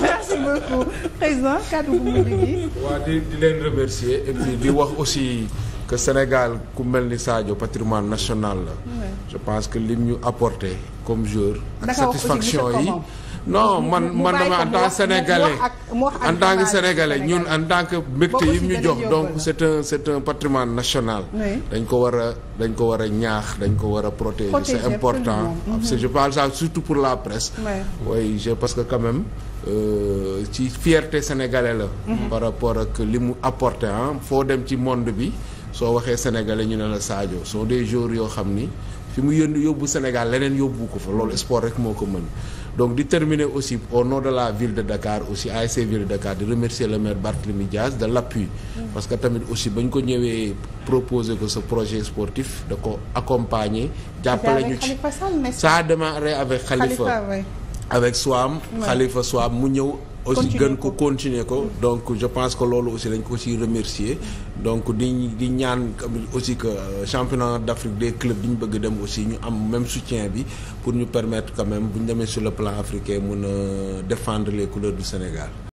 merci beaucoup président kàddu bu mujj gi. waa di di leen remercier et di wax aussi que Sénégal ku mel ni Sadio patrimoine national la. je pense que lim ñu apporté comme jour ak satisfaction yi. non man man dama en tant sénégalais en tant que sénégalais ñun en tant que mbégte yi ñu jox donc c'est un un patrimoine national dañ ko war a dañ ko war a ñaax dañ ko war a protéger c'est important mhm. parce que surtout pour la presse oui je parce que quand même euh, ci fierté sénégalais la mhm. par rapport ak li mu apporté ah foo dem ci monde bi soo waxee sénégalais ñu ne la Sadio soo des jours yoo xam ni fi mu yónni yóbbu Sénégal leneen yóbbu ko fa loolu sport rek moo ko mën donc di terminer aussi au de la ville de Dakar aussi ASC ville de Dakar di remercier le maire Barthélémy Diaz de l'appui mm. parce que tamit aussi ba ñu ko ñëwee proposer ko sa projet sportif da ko accompagner jàpp ñu ci ça a démarré avec Khalifa avec Soham Khalifa Soham mu ñëw aussi gën ko continuer ko donc je pense que loolu aussi dañ ko aussi remercier donc di di ñaan aussi que euh, championnat d'Afrique des clubs di ñu bëgg dem aussi ñu am même soutien bi pour ñu permettre quand même bu ñu demee sur le plan africain mun a défendre les couleurs du Sénégal